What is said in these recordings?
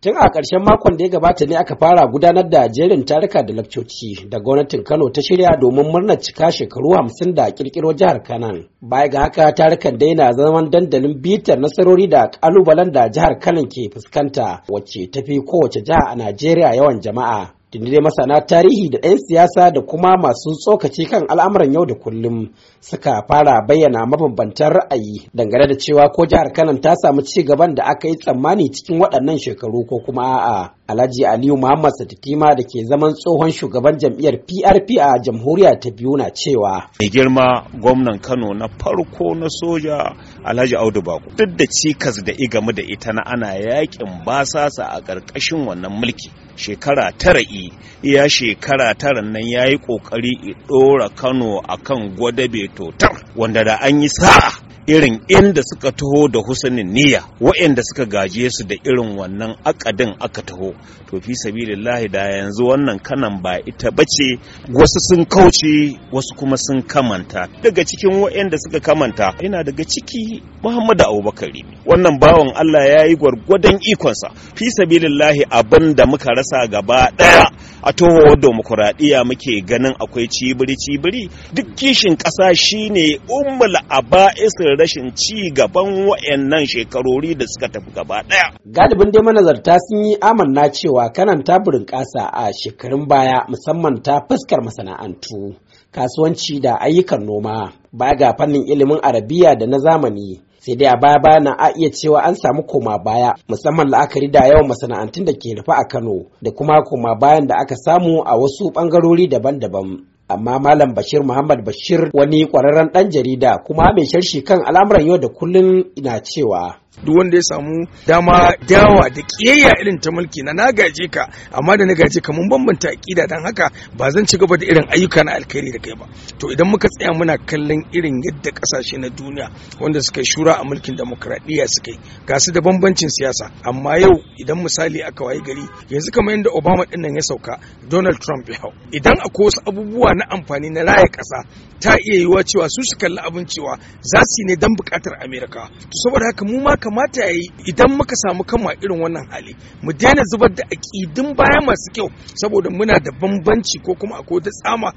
tun a ƙarshen makon da ya gabata ne aka fara gudanar da jerin taruka da lakcoci da gwamnatin kano ta shirya domin murnar cika shekaru hamsin da kirkiro jihar kanan baya ga haka tarikan dai na zaman dandalin bitar nasarori da ƙalubalen da jihar kanan ke fuskanta wacce tafi kowace jiha a najeriya yawan jama'a Dindindin dai masana tarihi da ɗayan siyasa da kuma masu tsokaci kan al'amuran yau da kullum suka fara bayyana mabambantan ra'ayi dangane da cewa ko jihar Kano ta samu ci gaban da aka yi tsammani cikin waɗannan shekaru ko kuma a'a. Alhaji Aliyu Muhammad Satitima da ke zaman tsohon shugaban jam'iyyar PRP a jamhuriya ta biyu na cewa. Mai girma gwamnan Kano na farko na soja Alhaji Audu Bako duk da cikas da igamu da ita na ana yakin basasa a ƙarƙashin wannan mulki. shekara tara i iya shekara tara nan ya yi ƙoƙari i ɗora kano a akan gwadabe totar wanda da an yi sa'a irin inda suka taho da husanin niyya waɗanda suka gaje su da irin wannan akadin aka taho to fi sabilillahi da yanzu wannan kanan ba ita bace wasu sun kauce wasu kuma sun kamanta daga cikin waɗanda suka kamanta ina daga ciki Muhammadu Abubakar wannan bawan Allah ya yi gwargwadon ikonsa fi sabilillahi abin da muka rasa gaba ɗaya a mu demokuraɗiyya muke ganin akwai cibiri cibiri duk kishin ƙasa shine a aba'isin rashin ci gaban wa'annan shekarori da suka tafi gaba ɗaya galibin dai manazarta sun yi amanna cewa kanan taburin ƙasa a shekarun baya musamman ta fuskar masana'antu kasuwanci da ayyukan noma baya ga fannin ilimin arabiya da na zamani sai dai a baya baya na a iya cewa an samu koma baya musamman la'akari da yawan masana'antun da ke rufe a Kano da kuma koma bayan da aka samu a wasu bangarori daban-daban amma malam bashir muhammad bashir wani kwararren dan jarida kuma mai sharshi kan al'amuran yau da kullun na cewa duk wanda ya samu dama dawa da kiyayya irin ta mulki na na gaje ka amma da na gaje ka mun bambanta akida dan haka ba zan ci gaba da irin ayyuka na alkhairi da kai ba to idan muka tsaya muna kallon irin yadda kasashe na duniya wanda suka shura a mulkin demokradiyya suka yi ga su da bambancin siyasa amma yau idan misali aka wayi gari yanzu kamar yadda Obama dinnan ya sauka Donald Trump ya hau idan akwai wasu abubuwa wani amfani na raya ƙasa ta iya yiwuwa cewa su su kalli abin cewa za su yi ne don buƙatar amerika to saboda haka mu ma kamata ya yi idan muka samu kama irin wannan hali mu daina zubar da aƙidun baya masu kyau saboda muna da bambanci ko kuma akwai wata tsama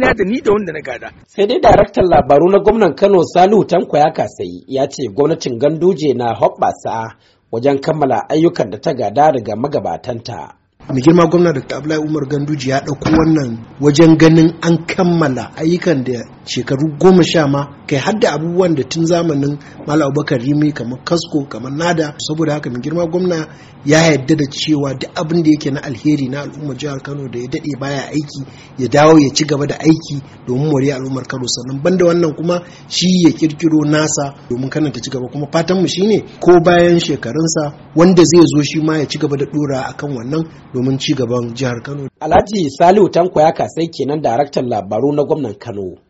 na da ni da wanda na gada. sai dai daraktan labaru na gwamnan kano salihu tanko ya kasayi ya ce gwamnatin ganduje na hoɓɓasa wajen kammala ayyukan da ta gada daga magabatanta. mai girma gwamna dr abdullahi umar ganduji ya ɗauko wannan wajen ganin an kammala ayyukan da shekaru goma sha ma kai hadda abubuwan da tun zamanin malam abubakar rimi kamar kasko kamar nada saboda haka mai girma gwamna ya yadda da cewa duk abin da yake na alheri na al'ummar jihar kano da ya daɗe baya aiki ya dawo ya ci gaba da aiki domin wari al'ummar kano sannan banda wannan kuma shi ya kirkiro nasa domin kana ta ci gaba kuma fatan mu shine ko bayan shekarunsa wanda zai zo shi ma ya ci gaba da dora akan wannan domin ci gaban jihar kano alhaji salihu tanko ya kasai kenan daraktan labaru na gwamnan kano